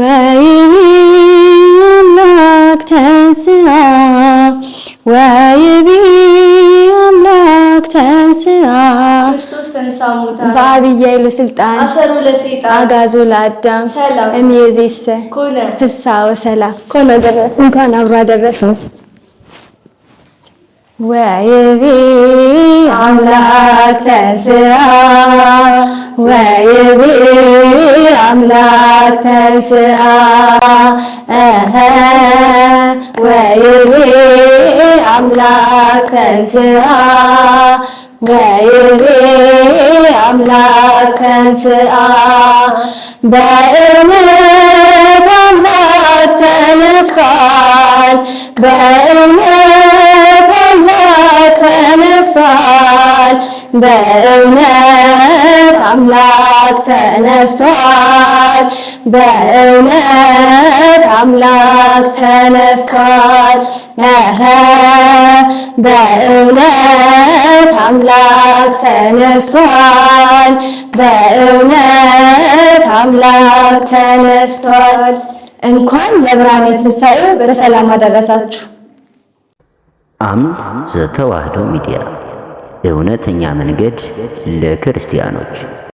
ወይኔ አምላክ ተንስአ ወይቤ አምላክ ተንስአ በአብይ ኃይሉ ስልጣን አጋዞ ለአዳም እምይእዜሰ ፍስሐ ወሰላም። እንኳን አብሮ አደረሰን። ወይቤ አምላክ ተንስአ አምላክ ተንስአ ወይቤ አምላክ ተንስአ ወይቤ አምላክ ተንስአ በእምነት አምላክ ተነስቷል። በእምነት አምላክ ተነስቷል። በእምነት አምላክ ተነስቷል። በእውነት አምላክ ተነስቷል። በእውነት አምላክ ተነስቷል። በእውነት አምላክ ተነስቷል። እንኳን ለብርሃነ ትንሣኤው በሰላም አደረሳችሁ። አምድ ዘተዋሕዶ ሚዲያ እውነተኛ መንገድ ለክርስቲያኖች